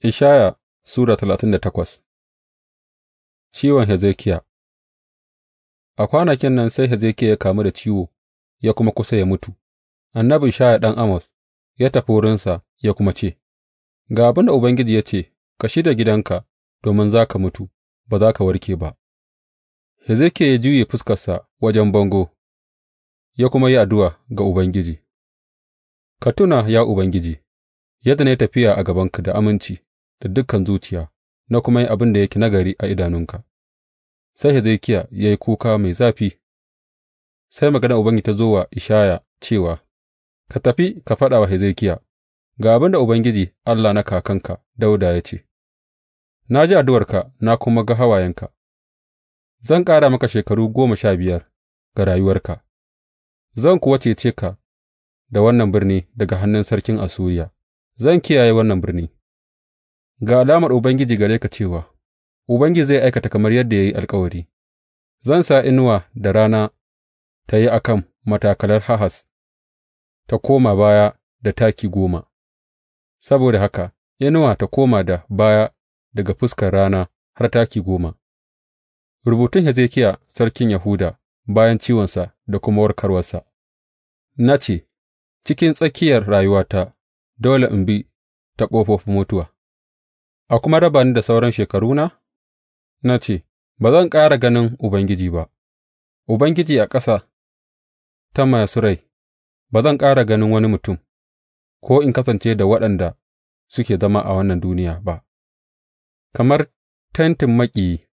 Ishaya Sura talatin da takwas Ciwon Hezekiya A kwanakin nan sai Hezekiya ya kamu da ciwo ya kuma kusa ya mutu, annabi Ishaya ɗan Amos ya tafi wurinsa ya kuma ce, Ga abin da Ubangiji ya ce, Ka shida gidanka, domin za ka mutu, ba za ka warke ba. Hezekiya ya juye fuskarsa wajen bango, ya kuma yi addu'a ga Ubangiji, Ka tuna, ya Ubangiji, yadda na yi tafiya a gabanka da aminci. da dukan zuciya na kuma yi abin da yake nagari a idanunka, sai Hezekiya ya yi kuka mai zafi, sai magana Ubangiji ta zo wa Ishaya cewa, Ka tafi ka faɗa wa Hezekiya, ga abin da Ubangiji Allah na kakanka Dauda ya ce, Na ji addu'arka na kuma ga hawayenka, zan ƙara maka shekaru goma sha biyar ga rayuwarka, zan kuwa cece ka da wannan birni daga hannun sarkin asuriya zan kiyaye wannan birni. Ga alamar Ubangiji gare ka cewa Ubangiji zai aikata kamar yadda ya yi alkawari, zan sa inuwa da rana ta yi a kan matakalar hahas ta koma baya da taki goma, saboda haka inuwa ta koma da baya daga fuskar rana har taki goma. Rubutun Hezekiya sarkin Yahuda bayan ciwonsa da kuma warkarwarsa Na ce, Cikin tsakiyar rayuwata dole in bi ta ƙofofin mutuwa. a kuma raba ni da sauran shekaruna, na ce, Ba zan ƙara ganin Ubangiji ba, Ubangiji a ƙasa ta masu rai, ba zan ƙara ganin wani mutum, ko in kasance da waɗanda suke zama a wannan duniya ba, kamar tentin maƙiyi,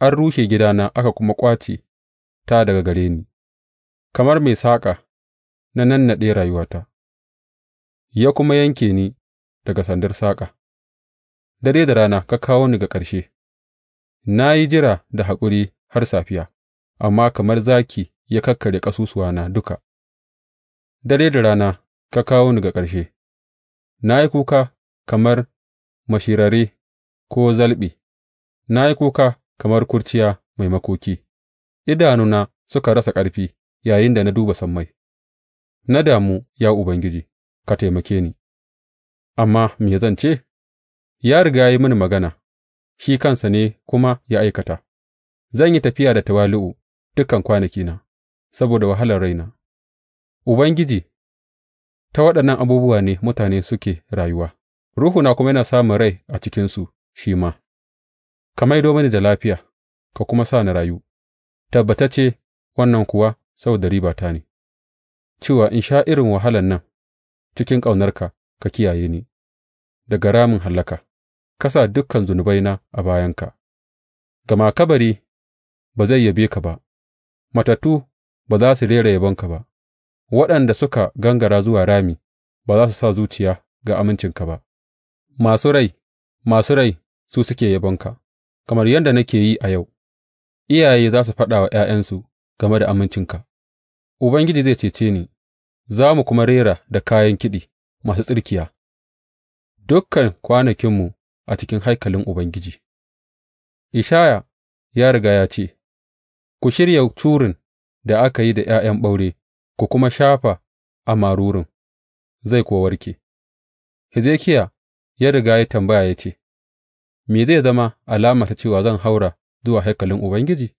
an rushe gidana aka kuma ƙwace ta daga gare ni, kamar mai saƙa na nannaɗe rayuwata, ya kuma yanke ni daga sandar saƙa. dare da rana ka kawo ni ga ƙarshe; na yi jira da haƙuri har safiya, amma kamar zaki ya kakkarya ƙasusuwana duka, dare da rana ka kawo ni ga ƙarshe; na yi kuka kamar mashirare ko zalɓe, na yi kuka kamar kurciya mai makoki, idanuna suka rasa ƙarfi da na duba sammai, na damu, ya Ubangiji, ka taimake ni, amma me zan ce? Ya riga ya yi mini magana, shi kansa ne kuma ya aikata; zan yi tafiya da tawali'u dukan kwanakina saboda wahalar raina, Ubangiji, ta waɗannan abubuwa ne mutane suke rayuwa, ruhuna kuma yana samun rai a cikinsu shi ma; ka maido mini da lafiya ka kuma sa na rayu, tabbatacce wannan kuwa saboda ribata ne, cewa in sha irin wahalan nan cikin ƙaunarka ka kiyaye ni daga ramin hallaka. ka sa dukan zunubaina a bayanka, gama kabari ba zai yabe ka ba, matattu ba za su rera yabonka ba, waɗanda suka gangara zuwa rami ba za su sa zuciya ga amincinka ba, masu rai, masu rai su suke yabonka, kamar yadda nake yi a yau, iyaye za su faɗa wa ’ya'yansu game da amincinka, Ubangiji zai cece ni, za mu kuma rera da kayan kiɗi masu tsirkiya. Dukkan kwanakinmu a cikin haikalin Ubangiji Ishaya ya riga ya ce, Ku shirya curin da aka yi da ’ya'yan ɓaure ku kuma shafa a marurin, zai kuwa warke. Hezekiya ya riga ya tambaya ya ce, Me zai zama ta cewa zan haura zuwa haikalin Ubangiji?